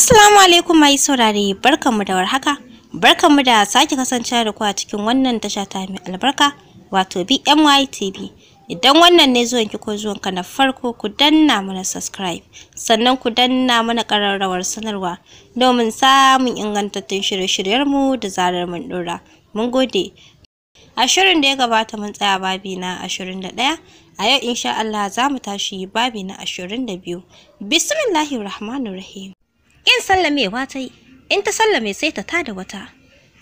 Assalamu alaikum mai saurare barkanmu da warhaka barkanmu da sake kasancewa da ku a cikin wannan tasha ta mai albarka wato BMY TV idan wannan ne ki ko zuwanka na farko ku danna mana subscribe sannan ku danna mana kararrawar sanarwa domin samun ingantattun shirye mu da zarar mun dora mun gode a shirin da ya gabata mun tsaya babi na 21 a yau insha Allah za mu tashi babi na 22 bismillahir rahmanir rahim in sallamewa ta yi in ta sallame sai ta tada wata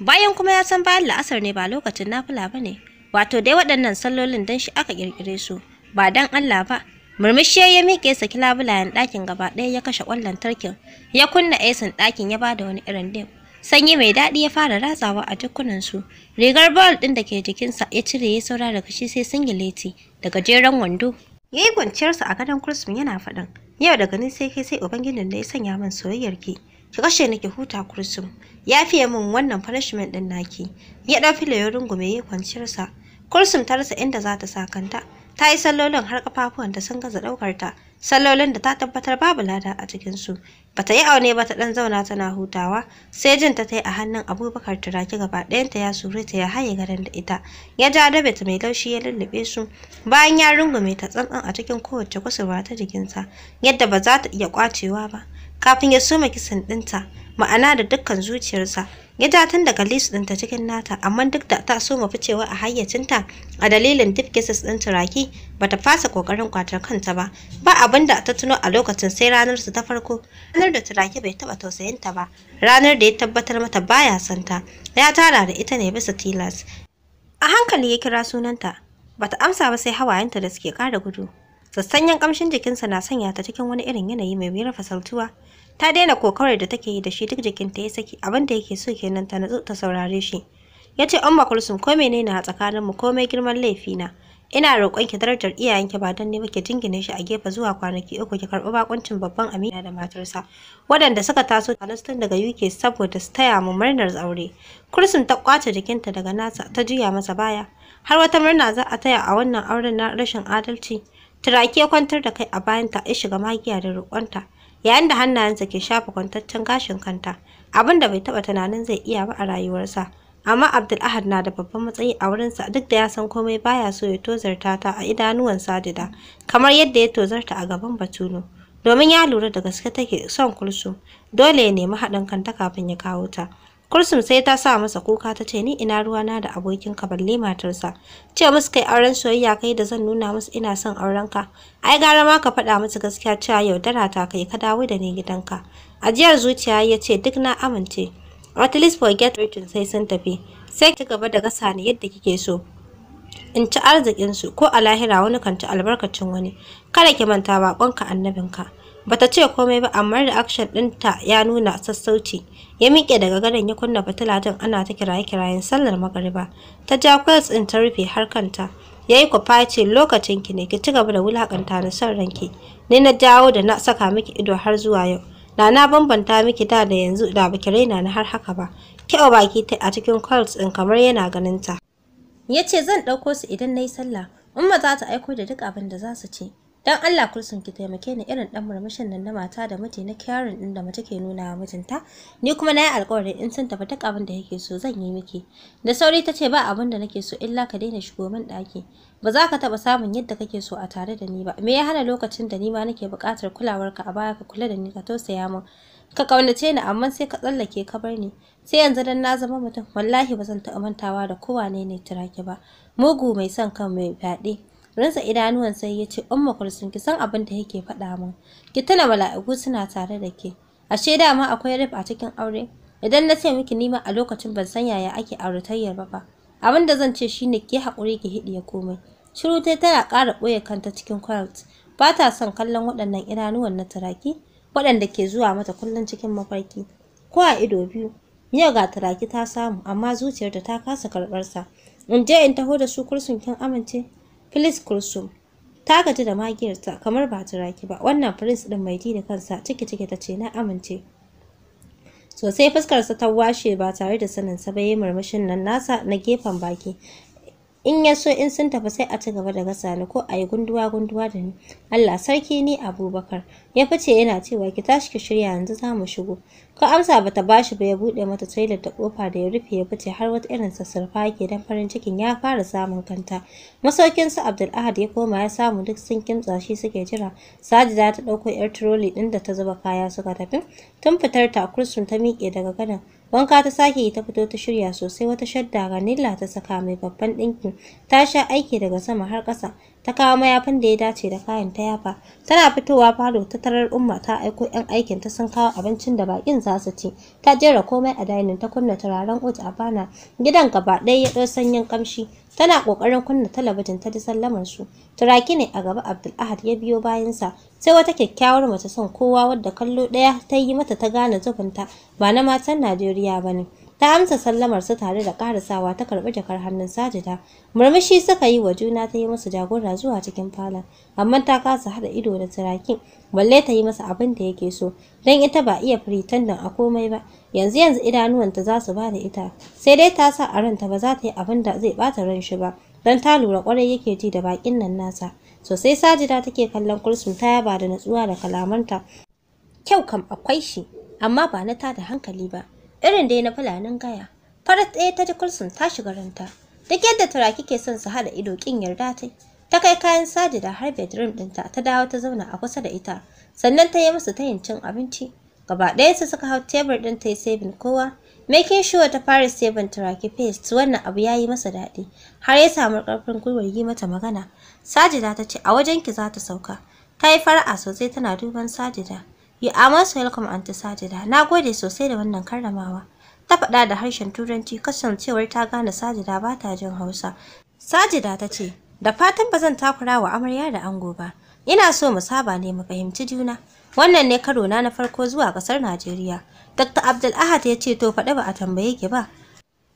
bayan kuma ya san bayan la'asar ne ba lokacin nafila ba ne wato dai waɗannan sallolin don shi aka ƙirƙire su ba don Allah ba murmushi ya miƙe saki labulayen ɗakin gaba ɗaya ya kashe ƙwan lantarkin ya kunna esin ɗakin ya ba da wani irin dim sanyi mai daɗi ya fara ratsawa a dukkunansu rigar bal ɗin da ke jikinsa ya cire ya saura daga shi sai singileti da gajeren wando ya yi kwanciyarsa a gadon kursun yana faɗin yau daga ni sai kai sai ubangijin da ya sanya min soyayyar ki ki kashe ni ki huta kursum ya fiye min wannan punishment din naki ya ɗau layo ya rungume ya kwanciyar sa kursum ta rasa inda za ta sakanta ta yi sallolin har ta sun gaza ɗaukar ta sallolin da ta tabbatar babu lada a cikin su bata yi aune ba ta ɗan zauna tana hutawa sai jin ta yi a hannun abubakar turaki gaba ta ya sure ta ya haye gadon da ita ya ja dabet mai laushi ya lullube su bayan ya rungume ta tsantsan a cikin kowace kusurwa ta jikinsa yadda ba za ta iya kwacewa ba kafin ya soma kisan dinta, ma'ana da dukkan zuciyarsa ya da tun daga list ɗinta cikin nata amma duk da ta so ficewa a hayyacinta a dalilin deep cases ɗin turaki bata fasa kokarin kwatar kanta ba ba abin da ta tuno a lokacin sai ranar su ta farko ranar da turaki bai taba tausayinta ba ranar da ya tabbatar mata baya santa ya tara da ita ne bisa tilas a hankali ya kira sunanta bata amsa ba sai hawayenta da suke ƙara gudu sassanyen ƙamshin jikinsa na sanya ta cikin wani irin yanayi mai mera fasaltuwa ta daina kokawar da take yi da shi duk jikinta ya saki abin da yake so kenan ta nutsu ta saurare shi ya ce umma kulsum ko menene a tsakaninmu komai girman laifina ina roƙon ki darajar iyayenki ba don ne muke jingine shi a gefe zuwa kwanaki uku ki karɓi bakuncin babban amina da matarsa waɗanda suka taso a tun daga UK saboda su taya mu murnar aure kulsum ta kwace jikinta daga nasa ta juya masa baya har wata murna za a taya a wannan auren na rashin adalci turaki kwantar da kai a bayanta ya shiga magiya da roƙonta yayin da hannayensa ke shafa kwantaccen gashin kanta abin da bai taɓa tunanin zai iya ba a rayuwarsa amma Abdul Ahad na da babban matsayi a wurinsa duk da ya san komai baya so ya tozarta ta a idanuwan Sadida kamar yadda ya tozarta a gaban Batulu domin ya lura da gaske take son kulsu dole ya nemi haɗin kanta kafin ya kawo ta kursum sai ta sa masa kuka ta ce ni ina ruwa na da abokinka balle matarsa. Ce musu kai auren soyayya kai da zan nuna musu ina son aurenka. Ai gara ma ka faɗa musu gaskiya cewa yaudara ta kai ka dawo da ni gidanka. Ajiyar zuciya ya ce duk na amince. At least forget written sai sun tafi. Sai ki gaba da gasa ni yadda kike so. In ci arzikinsu ko a lahira wani kan ci albarkacin wani. Kada ki manta baƙonka annabinka. Bata ce komai ba amma da action ɗinta ya nuna sassauci. Ya miƙe daga gadon ya kunna fitila din ana ta kiraye-kirayen sallar magariba. Ta ja kwels ɗin ta rufe har kanta. Ya yi kwafa lokacin ki ne ki ci gaba da wulakanta na son ranki. Ne na jawo da na saka miki ido har zuwa yau. Da na bambanta miki da da yanzu da baki raina na har haka ba. Kyau baki ta a cikin kwels ɗin kamar yana ganin ta. Ya ce zan ɗauko su idan na yi sallah. Umma za ta aiko da duk abin da za su ce. dan Allah kursun ki taimake ni irin dan murmushin nan na mata da miji na kyarin din da mace ke nuna wa mijinta ni kuma na yi alƙawarin in sun tafi duk abin da yake so zan yi miki da sauri ta ce ba abin da nake so illa ka daina shigo min ɗaki ba za ka taba samun yadda kake so a tare da ni ba me ya hana lokacin da ni ma nake buƙatar ka a baya ka kula da ni ka tausaya min ka kaunace ni amma sai ka tsallake ka bar ni sai yanzu dan na zama mutum wallahi ba zan taɓa mantawa da kowa ne turaki ba mugu mai son kan mai fyaɗe Rinsa idanuwan sai ya ce, Umma kulsun ki san abin da yake faɗa min. Ki tuna mala'iku suna tare da ke. Ashe dama akwai rif a cikin aure? Idan na ce miki nima a lokacin ban san yaya ake aure auratayyar ba ba Abin da zan ce shine ki haƙuri ki ya komai. Shiru tana ƙara ɓoye kanta cikin kwalt. Ba ta son kallon waɗannan idanuwan na taraki? waɗanda ke zuwa mata kullum cikin mafarki. Ko a ido biyu, yau ga taraki ta samu amma zuciyarta ta kasa karɓarsa. In je in taho da su kursun kin amince? Filis Kursum ta gaji da magiyarta kamar ba ta raki ba. Wannan Filis ɗin mai ji da kansa ciki ciki ta ce na amince. Sosai fuskarsa ta washe ba tare da saninsa ba ya murmushin nan nasa na gefen baki. in ya so in sun tafi sai a ci gaba da gasa ni ko a yi gunduwa gunduwa da ni Allah sarki ni Abubakar ya fice yana cewa ki tashi ki shirya yanzu za mu shigo ko amsa bata bashi ba ya buɗe mata toilet da kofa da ya rufe ya fice har wata irin sassarfa yake dan farin cikin ya fara samun kanta masaukin su Abdul Ahad ya koma ya samu duk sun kimtsa shi suke jira za ta dauko yar trolley din da ta zuba kaya suka tafi tun fitar ta kursun ta miƙe daga gadan Wanka ta sake ta fito ta shirya sosai wata shadda ranilla ta saka mai babban ɗinki. Ta sha aiki daga sama har ƙasa. ta kawo mayafin da ya dace da kayan ta yafa tana fitowa falo ta tarar umma ta aiko yan aikin ta sun kawo abincin da bakin za su ci ta jera komai a dainin ta kunna turaren ut a bana gidan gaba ɗaya ya ɗau sanyin kamshi tana ƙoƙarin kunna talabijin ta ji sallaman su turaki ne a gaba abdul ya biyo bayansa sai wata kyakkyawar mace son kowa wadda kallo ɗaya ta yi mata ta gane zubinta ba na matan najeriya ba ne ta amsa sallamar su tare da karasawa ta karbi jakar hannun sajida murmushi suka yi wa juna ta yi musu jagora zuwa cikin falon amma ta kasa hada ido da turakin balle ta yi masa abin da yake so dan ita ba iya firitandan a komai ba yanzu yanzu idanuwanta za su ba da ita sai dai ta sa a ranta ba za ta yi abin da zai bata ran shi ba don ta lura kwarai yake ji da bakin nan nasa sosai sajida take kallon kursun ta ba da natsuwa da kalamanta kyau kam akwai shi amma ba na ta da hankali ba irin dai na fulanin gaya farat ɗaya ta ji kulsum ta shiga ranta duk yadda turaki ke son su haɗa ido kin yarda ta ta kai kayan sajida har bedroom ɗinta ta dawo ta zauna a kusa da ita sannan ta yi musu tayin cin abinci gaba ɗaya su suka hau tebur ɗin ta yi saving kowa making sure ta fara saving turaki paste wannan abu ya yi masa daɗi har ya samu ƙarfin gwiwar yi mata magana sajida ta ce a wajen ki za ta sauka ta yi fara'a sosai tana duban sajida You are most welcome Aunty Sajida. Na gode sosai da wannan karramawa. Ta faɗa da harshen Turanci kasancewar ta gane Sajida ba ta jin Hausa. Sajida ta ce, "Da fatan ba zan takura wa amarya da ango ba. Ina so mu saba ne mu fahimci juna." Wannan ne karo na na farko zuwa ƙasar Najeriya. Dr. Abdul Ahad ya ce to faɗi ba a tambaye ki ba.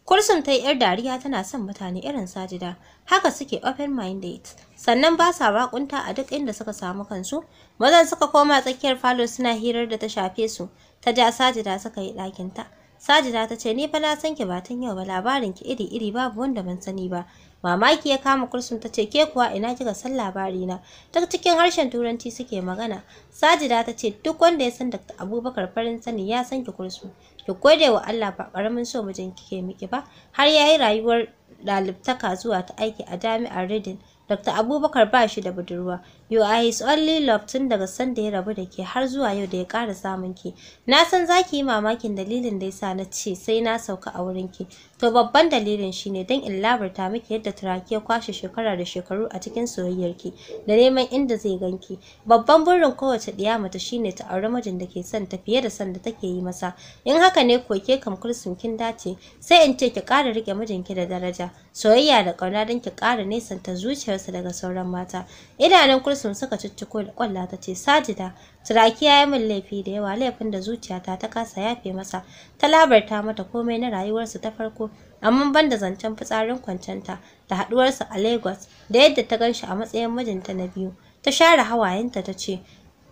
Kursun ta yi 'yar dariya tana son mutane irin sajida, haka suke open-minded, sannan ba sa bakunta a duk inda suka samu kansu, mazan suka koma tsakiyar falo suna hirar da ta shafe su, ta ja sajida suka yi ɗakinta. Sajida ta ce, Ni fa na san ki ba tun yau ba labarin ki iri-iri babu wanda ban sani ba, mamaki ya kama kursum ta ce ke kuwa ina kika san labari na ta cikin harshen turanci suke magana sajida ta ce duk wanda ya san dr abubakar farin sani ya san ki kursum ki gode wa allah ba karamin so mijin kike miki ba har yayi rayuwar ɗalibtaka zuwa ta aiki a jami'ar reading dr abubakar ba shi da budurwa You are his only love tun daga sanda ya rabu da ke har zuwa yau da ya ƙara samun ki. Na san za ki yi mamakin dalilin da ya sa na ce sai na sauka a wurin ki. To babban dalilin shine don in labarta miki yadda turaki ya kwashe shekara da shekaru a cikin soyayyar ki da neman inda zai ganki. Babban burin kowace ɗiya mata shine ta auri mijin da ke son ta fiye da son da take yi masa. In haka ne ko ke kam kursun kin dace sai in ce ki ƙara mijin ki da daraja. Soyayya da ƙauna don ki ƙara nesanta zuciyarsa daga sauran mata. Idanun kursun sun suka cicciko da kwalla ta ce sajida turaki ya yi min laifi da yawa laifin da zuciyata ta kasa yafe masa ta labarta mata komai na rayuwarsu ta farko amma ban da zancen fitsarin kwancenta da haɗuwarsa a lagos da yadda ta ganshi a matsayin mijinta na biyu ta share hawayenta ta ce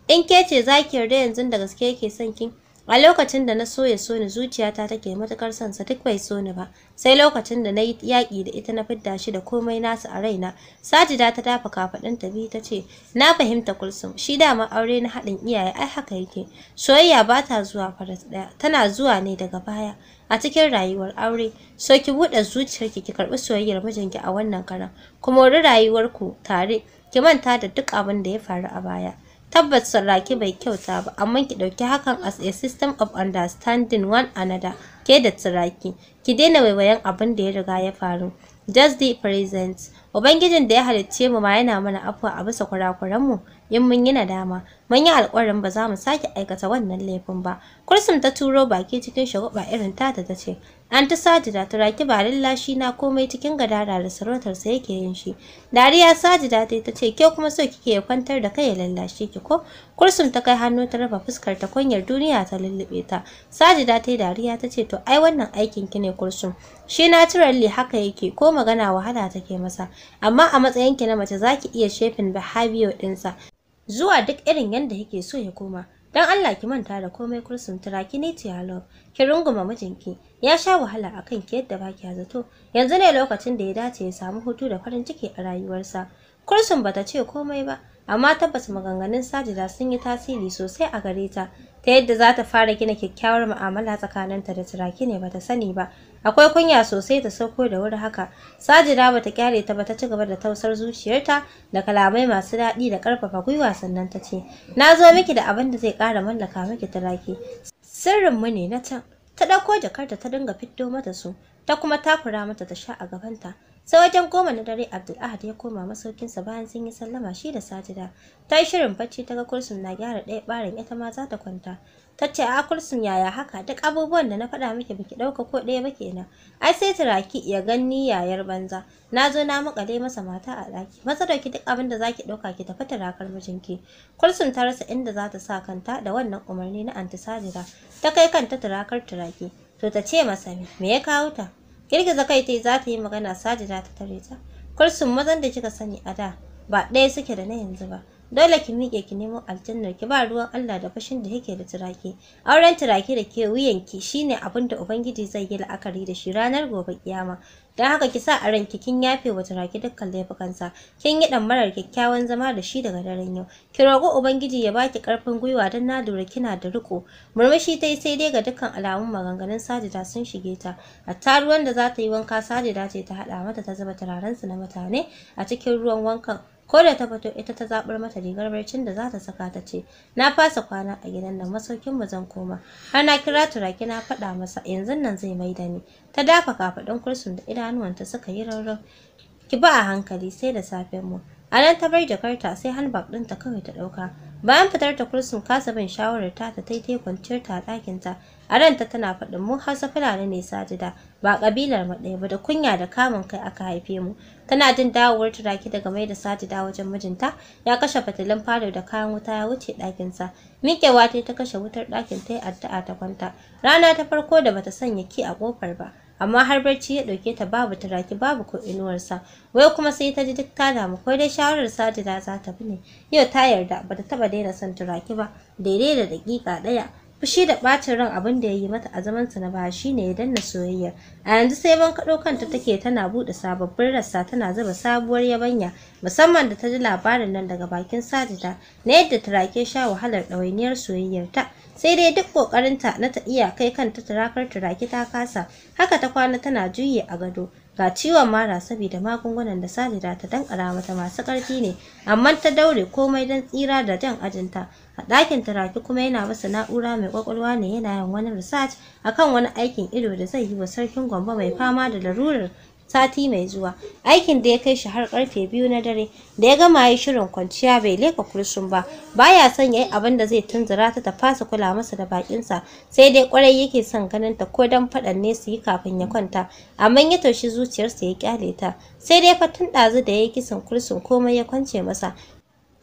in ke ce za ki yarda yanzu da gaske yake son ki A lokacin da na so ya so ni zuciyata take matukar son sa duk bai so ni ba. Sai lokacin da na yi yaƙi da ita na fidda shi da komai nasu a raina. Sajida ta dafa ta biyu ta ce, "Na fahimta Kulsum, shi dama aure na haɗin iyaye ai haka yake. Soyayya ba ta zuwa faras ɗaya, tana zuwa ne daga baya. a cikin rayuwar aure so ki buɗe zuciyarki ki karɓi soyayyar mijinki a wannan karan kuma wuri rayuwarku tare ki manta da duk abin da ya faru a baya tabbas sarraki bai kyauta ba amma ki ɗauki hakan as a system of understanding one another ke da tsiraki ki daina waiwayen abin da ya riga ya faru just the present ubangijin da ya halicce mu ma yana mana afuwa a bisa kurakuran mu in mun yi nadama mun yi alƙawarin ba za mu sake aikata wannan laifin ba kursum ta turo baki cikin shagwaba irin tata ta ce An ta sajida ta raki barin lashi na komai cikin gadara da sarautarsa yake yin shi. Dariya sajida ta tace ke kuma so kike ya kwantar da kai ya lallashe ki ko? Kursun ta kai hannu ta rufe fuskar ta kunyar duniya ta lullube ta. Sajida ta dariya ta ce to ai wannan aikin ki ne Kursun." Shi naturally haka yake ko magana wahala take masa. Amma a matsayin ki na mace zaki iya shefin behavior sa zuwa duk irin yanda yake so ya koma. dan Allah ki manta da komai kursun turaki ne tiyalo ki runguma mijinki ya sha wahala akan ki yadda ba ki zato yanzu ne lokacin da ya dace ya samu hutu da farin ciki a rayuwarsa Kursun bata ce komai ba, amma tabbas maganganun Sajida sun yi tasiri sosai a gare ta, ta yadda za ta fara gina kyakkyawar mu'amala tsakaninta da Turaki ne bata sani ba. Akwai kunya sosai ta sauko da wuri haka. Sajida bata kyale ta ba ta ci gaba da tausar zuciyarta da kalamai masu daɗi da ƙarfafa gwiwa sannan ta ce, "Na zo miki da abin da zai ƙara mallaka miki Turaki. Sirrinmu ne na can." Ta ɗauko jakarta ta dinga fiddo mata su, ta kuma takura mata ta sha a gabanta. sai wajen goma na dare abdul ahad ya koma masaukinsa bayan sun yi sallama shi da sajida ta yi shirin bacci ta ga kursun na gyara ɗaya ɓarin ita ma za ta kwanta ta ce a kursun yaya haka duk abubuwan da na faɗa miki baki ɗauka ko ɗaya ba kenan ai sai turaki ya ganni yayar banza na zo na makale masa mata a ɗaki maza dauki duk abin da zaki ɗauka ki tafi turakar mijinki kursun ta rasa inda za ta sa kanta da wannan umarni na antisajira ta kai kanta turakar turaki to ta ce masa me ya kawo ta girgiza kai ta za ta yi magana sajida ta tare ta kulsun mazan da kika sani a da ba ɗaya suke da na yanzu ba dole ki miƙe ki nemo aljannar ki ba ruwan Allah da fashin da yake da turaki auren turaki da ke wuyanki shine abin da ubangiji zai yi la'akari da shi ranar gobe kiyama don haka ki sa a ranki kin yafe wa turaki dukkan laifukansa kin yi marar kyakkyawan zama da shi daga daren yau ki roƙi ubangiji ya baki ƙarfin gwiwa don na lura kina da riƙo. murmushi ta yi sai dai ga dukkan alamun maganganun sajida sun shige ta hatta ruwan da za ta yi wanka sajida ce ta haɗa mata ta zuba turarensu na mutane a cikin ruwan wankan ko da ta fito ita ta zabar mata rigar barcin da za ta saka ta ce na fasa kwana a gidan nan masaukin mu zan koma har na kira turaki na faɗa masa yanzun nan zai maida da ni ta dafa kafaɗin kursun da idanuwanta suka yi rarrau ki ba a hankali sai da safen mu a nan ta bar jakarta sai handbag ta kawai ta ɗauka bayan fitar ta kursun kasa bin shawarar ta ta taitai kwanciyar ta ɗakin ta a ranta tana faɗin mu hausa fulani ne sajida ba ƙabilar mu ɗaya ba da kunya da kamun kai aka haife mu tana jin dawowar turaki daga mai da sajida wajen mijinta ya kashe fitilun falo da kayan wuta ya wuce ɗakinsa miƙewa ta ta kashe wutar ɗakin ta yi addu'a ta kwanta rana ta farko da bata sanya ki a ƙofar ba amma har barci ya ɗauke ta babu turaki babu ko inuwarsa wai kuma sai ta ji duk ta damu ko dai shawarar sajida za ta bi ne yau ta yarda bata taɓa daina son turaki ba daidai da daƙiƙa ɗaya fushi da bacin ran abin da ya yi mata a zamansa na shi ne ya danna soyayyar a yanzu sai ban kaɗo kanta take tana buɗe sababbin rassa tana zuba sabuwar yabanya musamman da ta ji labarin nan daga bakin sajida na yadda turake sha wahalar ɗawainiyar soyayyar ta sai dai duk ƙoƙarinta na ta iya kai kanta turakar turaki ta kasa haka ta kwana tana juye a gado ga ciwon mara saboda magungunan da salira ta dankara mata masu ƙarfi ne amma ta daure komai don tsira da jan ajinta a ɗakin turaki kuma yana masa na'ura mai ƙwaƙwalwa ne yana yin wani research akan wani aikin ido da zai yi wa sarkin gwamba mai fama da larurar sati mai zuwa aikin da ya kai shi har karfe biyu na dare da ya gama yi shirin kwanciya bai leka kursun ba baya son yayi abin da zai tunzura ta ta fasa kula masa da bakinsa sai dai kwarai yake son ganin ta ko dan fadan ne su yi kafin ya kwanta amma ya taushi zuciyarsa ya kyale ta sai dai fa tun dazu da yayi kisan kursun komai ya kwance masa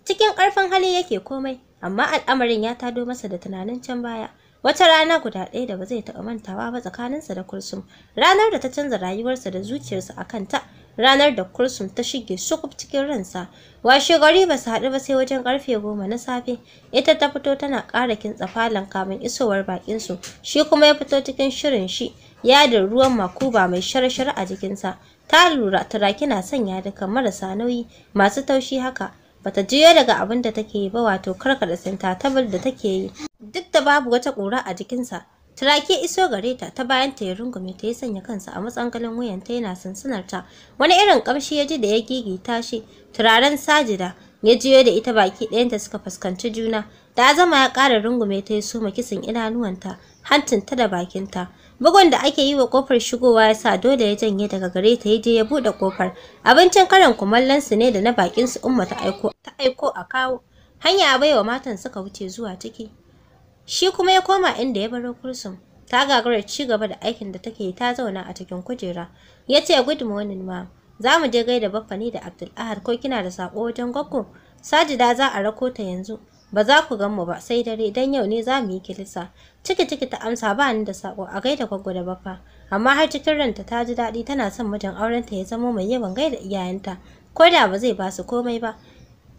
cikin karfin hali yake komai amma al'amarin ya tado masa da tunanin can baya Wata rana guda ɗaya da ba zai taɓa mantawa ba tsakaninsa da kursum. ranar da ta canza rayuwarsa da zuciyarsa a kanta, ranar da kursum ta shige sukuf cikin ransa. Washe gari ba su haɗu ba sai wajen ƙarfe goma na safe, ita ta fito tana ƙara kintsa falon kamin isowar baƙinsu, shi kuma ya fito cikin shirin shi, yadin ruwan makuba mai shar-shar a jikinsa. Ta lura turaki na sanya duka marasa nauyi, masu taushi haka. bata jiyo daga abin da take yi ba wato karkada tabar da take yi duk da babu wata ƙura a jikinsa Turaki iso gare ta ta bayan ta ya rungume ta yi sanya kansa a matsangalin ta yana sansanar ta. Wani irin kamshi ya ji da ya ta shi, turaren sajida ya jiyo da ita baki ɗayan ta suka fuskanci juna. Da zama ya ƙara rungume ta ya soma kisan idanuwanta, hancinta da bakinta. Bugun da ake yi wa kofar shigowa ya sa dole ya janye daga gare ta je ya buɗe kofar. Abincin karan kumallon su ne da na bakin su Umma ta aiko ta aiko a kawo. Hanya baiwa matan suka wuce zuwa ciki. Shi kuma ya koma inda ya baro kursun. Ta gagara ci gaba da aikin da take ta zauna a cikin kujera. Ya ce good morning ma. Za mu je gaida Baffa da Abdul Ahad ko kina da saƙo wajen gwaggo? Sajida za a rako ta yanzu. ba za ku gan mu ba sai dare dan yau ne za mu yi kilisa ciki ciki ta amsa ba ni da sako a gaida gwaggo da baffa amma har cikin ranta ta ji daɗi tana son mijin aurenta ya zama mai yawan gaida iyayenta ko da ba zai ba su komai ba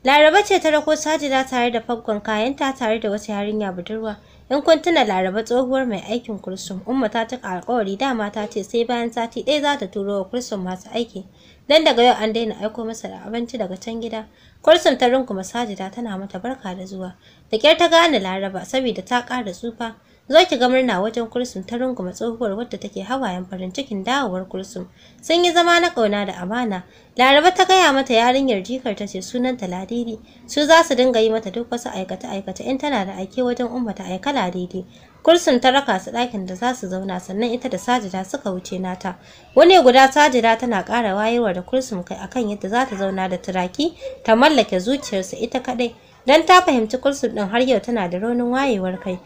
Laraba ce ta rako Sajida tare da faggon kayan ta tare da wata yarinya budurwa. In kun tuna Laraba tsohuwar mai aikin kursum, Umma ta cika alƙawari dama ta ce sai bayan sati ɗaya za ta turo wa kursum masu aiki. Dan daga yau an daina aiko masa da abinci daga can gida. Kursun ta runguma masajida tana mata barka da zuwa. Da kyar ta gane Laraba saboda ta ƙara tsufa. Zo ki ga murna wajen Kursun ta runguma tsohuwar wadda take hawayen farin cikin dawowar Kursun. Sun yi zama na ƙauna da amana. Laraba ta gaya mata yarinyar jikar ta ce sunanta Ladidi. Su za su dinga yi mata duk wasu aikace-aikace in tana da aike wajen ummata ta aika Ladidi. Kursun ta raka su ɗakin da za su zauna sannan ita da sajida suka wuce nata. Wani guda sajida tana ƙara wayarwa da kursun kai akan yadda za ta zauna da turaki ta mallake zuciyarsa ita kaɗai. Don ta fahimci kursun ɗin har yau tana da raunin wayewar kai.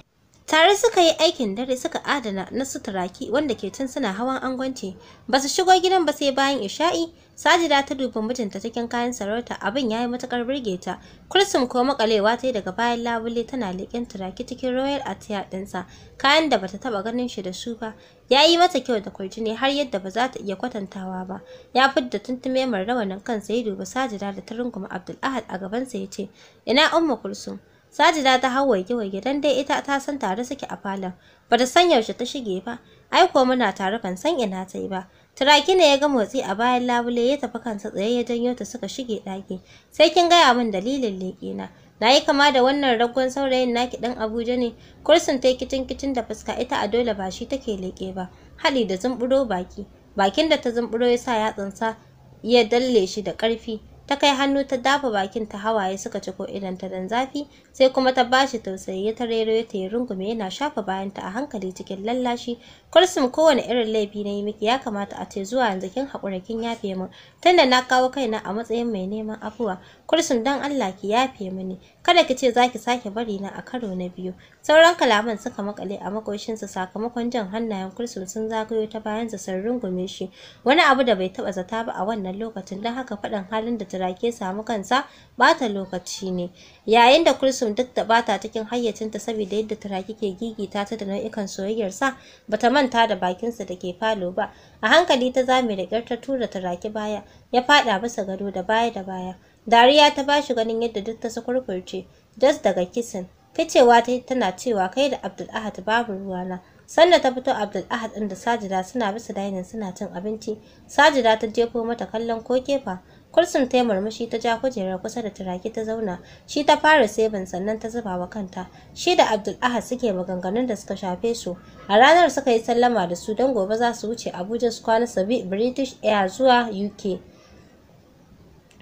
Tare suka yi aikin dare suka adana na suturaki wanda ke tun suna hawan angwanci. Ba su shigo gidan ba sai bayan isha'i, Sajida ta dubi mijinta cikin kayan sarauta abin ya yi matukar birge ta. Kulsum ko makalewa ta yi daga bayan labule tana leƙen turaki cikin royal Atiya ɗinsa, kayan da bata taɓa ganin shi da su ba. Ya yi mata kyau da kwarjini har yadda ba za ta iya kwatantawa ba. Ya fidda tuntume mai rawanin kansa ya dubi Sajida da ta runguma Abdul Ahad a gabansa ya ce, "Ina Umma Kulsum?" Sajida ta hau waige-waige don dai ita ta san tare suke a falon. Ba ta san yaushe ta shige ba, ai ko muna tare kan san ina ta yi ba. Turaki ne ya ga motsi a bayan labule ya tafi kansa tsaye ya janyo ta suka shige ɗaki. Sai kin gaya min dalilin leƙena. Na yi kama da wannan ragon saurayin naki ɗan Abuja ne, kursin ta kicin kicin da fuska ita a dole ba shi take leƙe ba, hali da zumburo baki. Bakin da ta zumburo ya sa yatsansa ya dalle shi da ƙarfi. ta kai hannu ta dafa bakin ta hawaye suka ciko idan ta dan zafi sai kuma ta bashi tausayi ya ta ya tayi rungume yana shafa bayanta a hankali cikin lallashi kulsum kowane irin laifi na yi miki ya kamata a ce zuwa yanzu kin haƙura kin yafe min tunda na kawo kaina a matsayin mai neman afuwa Kursun, dan Allah ki yafe mini, kada ki ce za ki sake bari na a karo na biyu. Sauran kalaman suka makale a makoshinsa sakamakon jan hannayen kursun sun zagayo ta bayansa sun rungume shi. Wani abu da bai taba zata ba a wannan lokacin dan haka faɗin halin da turake samu kansa bata lokaci ne. Yayin da kursun duk da bata cikin hayyacinta saboda yadda turake ke gigita ta da nau'ikan soyayyarsa bata manta da bakinsa da ke falo ba. A hankali ta zame da kyar ta tura turake baya ya faɗa bisa gado da baya da baya. Dariya ta ba shi ganin yadda duk ta sakurkurce, just daga kisin. Ficewa ta tana cewa kai da Abdul Ahad babu ruwa na. Sannan ta fito Abdul Ahad ɗin da Sajida suna bisa dainin suna cin abinci. Sajida ta jefo mata kallon ko kefa. Kursun ta murmushi ta ja kujerar kusa da turaki ta zauna, shi ta fara sebin sannan ta zuba wa kanta. Shi da Abdul Ahad suke maganganun da suka shafe su. A ranar suka yi sallama da su don gobe za su wuce Abuja su kwana sabi British Air zuwa UK.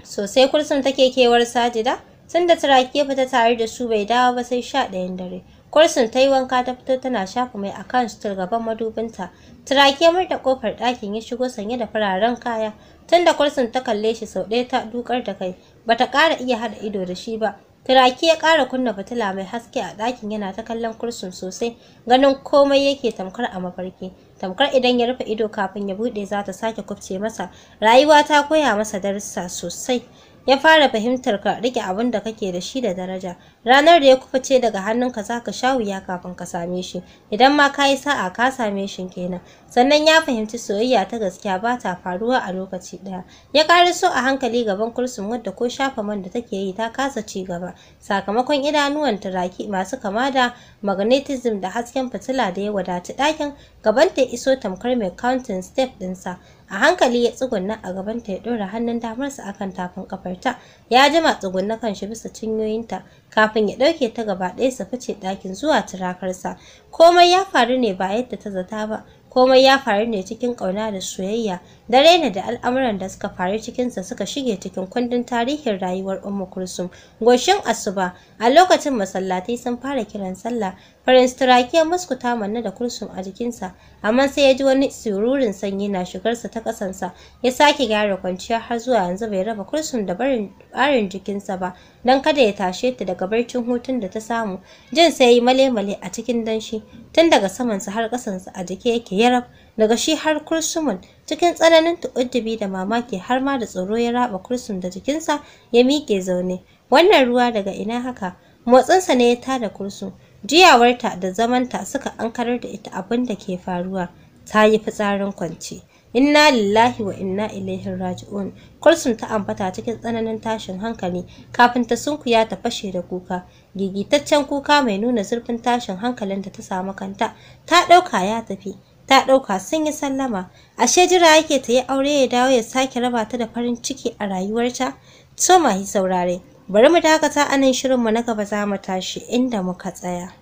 sosai kursun take kewar sajida tunda turaki ya fita tare da su bai dawo ba sai sha ɗayan dare Kursun ta yi wanka ta fito tana shafa mai akan sutur gaban madubinta turaki ya murda kofar ɗakin ya shigo sanye da fararen kaya tunda kursun ta kalle shi sau ɗaya ta dukar da kai bata ƙara iya haɗa ido da shi ba Turaki ya ƙara kunna fitila mai haske a ɗakin yana ta kallon kursun sosai, ganin komai yake tamkar a mafarki. Tamkar idan ya rufe ido kafin ya buɗe za ta sake kufce masa, rayuwa ta koya masa darussa sosai. ya fara fahimtar ka rike abin da kake da shi da daraja ranar da ya kuface daga hannunka ka sha wuya kafin ka same shi idan ma ka yi sa'a ka same shi kenan sannan ya fahimci soyayya ta gaskiya ba ta faruwa a lokaci ɗaya ya ƙara so a hankali gaban kursun wadda ko shafa man da take yi ta kasa ci gaba sakamakon idanuwan turaki masu kama da magnetism da hasken fitila da ya wadaci ɗakin gabanta iso tamkar mai counting step ɗinsa a hankali ya tsugunna a gabanta ya ɗora hannun damarsa akan tafin kafarta ya jima tsugunna kan shi bisa cinyoyinta kafin ya ɗauke ta gaba ɗaya su fice ɗakin zuwa turakarsa komai ya faru ne ba yadda ta zata ba komai ya faru ne cikin ƙauna da soyayya Dare ne da al'amuran da suka faru cikinsa suka shige cikin kundin tarihin rayuwar Ummu Kulsum. Goshin Asuba a lokacin masallatai sun fara kiran sallah Prince Turaki ya muskuta manna da Kulsum a jikinsa amma sai ya ji wani sururin sanyi na shigarsa ta kasansa, ya sake gyara kwanciya har zuwa yanzu bai raba Kulsum da barin barin jikinsa ba dan kada ya tashe ta daga barcin hutun da ta samu jin sai ya yi male-male a cikin danshi tun daga samansa har sa a jike yake yarab daga shi har kursumin cikin tsananin tu'uddubi da mamaki har ma da tsoro ya raba kursum da jikinsa ya miƙe zaune wannan ruwa daga ina haka motsinsa ne ya tada kursum jiyawarta da zamanta suka ankarar da ita abin da ke faruwa ta yi fitsarin kwance inna lillahi wa inna ilaihi raji'un kursum ta ambata cikin tsananin tashin hankali kafin ta sunkuya ta fashe da kuka gigitaccen kuka mai nuna zurfin tashin hankalin da ta samu kanta ta ɗauka ya tafi ta ɗauka sun yi sallama ashe jira yake ta yi aure ya dawo ya sake raba ta da farin ciki a rayuwarta to ma yi saurare bari mu dakata anan shirinmu na gaba za mu tashi inda muka tsaya